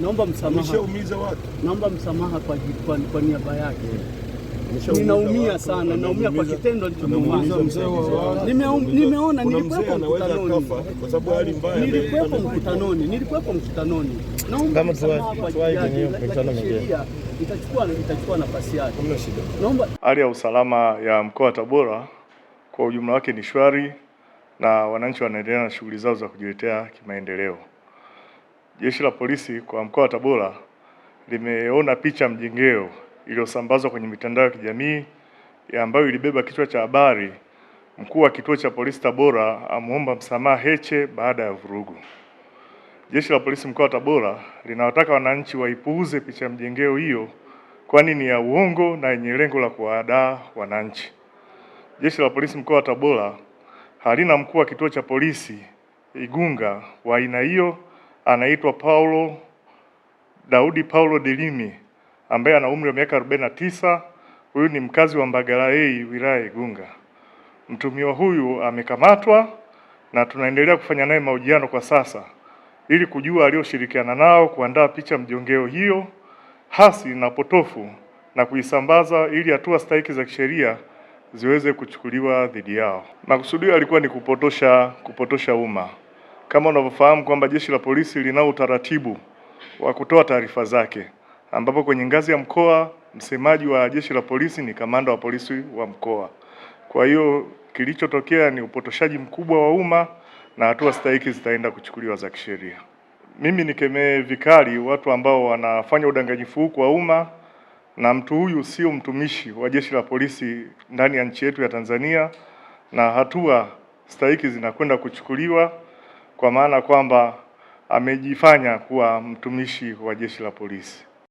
naomba msamaha. umeshaumiza watu, Naomba msamaha kwa, kwa kwa niaba yake ninaumia sana, naumia kwa kitendo alichokifanya. Nimeona, nilikuwepo mkutanoni, kwa sababu hali mbaya, nilikuwepo mkutanoni, nilikuwepo mkutanoni. Naomba msamaha kwa kisheria, itachukua nafasi yake. Naomba. Hali ya usalama ya mkoa wa Tabora kwa ujumla wake ni shwari na wananchi wanaendelea na shughuli zao za kujiletea kimaendeleo. Jeshi la Polisi kwa mkoa wa Tabora limeona picha mjengeo iliyosambazwa kwenye mitandao ya kijamii ambayo ilibeba kichwa cha habari, mkuu wa kituo cha polisi Tabora amuomba msamaha Heche baada ya vurugu. Jeshi la Polisi mkoa wa Tabora linawataka wananchi waipuuze picha mjengeo hiyo, kwani ni ya uongo na yenye lengo la kuwadaa wananchi. Jeshi la Polisi mkoa wa Tabora halina mkuu wa kituo cha polisi Igunga wa aina hiyo anaitwa Paulo Daudi Paulo Delimi ambaye ana umri wa miaka 49. Huyu ni mkazi wa hii wilaya Igunga. Mtumiwa huyu amekamatwa na tunaendelea kufanya naye mahojiano kwa sasa ili kujua aliyoshirikiana nao kuandaa picha mjongeo hiyo hasi na potofu na kuisambaza ili hatua stahiki za kisheria ziweze kuchukuliwa dhidi yao. Makusudio alikuwa ni kupotosha kupotosha umma. Kama unavyofahamu kwamba jeshi la polisi linao utaratibu wa kutoa taarifa zake, ambapo kwenye ngazi ya mkoa msemaji wa jeshi la polisi ni kamanda wa polisi wa mkoa. Kwa hiyo kilichotokea ni upotoshaji mkubwa wa umma na hatua stahiki zitaenda kuchukuliwa za kisheria. Mimi nikemee vikali watu ambao wanafanya udanganyifu huu kwa umma, na mtu huyu sio mtumishi wa jeshi la polisi ndani ya nchi yetu ya Tanzania, na hatua stahiki zinakwenda kuchukuliwa kwa maana kwamba amejifanya kuwa mtumishi wa jeshi la polisi.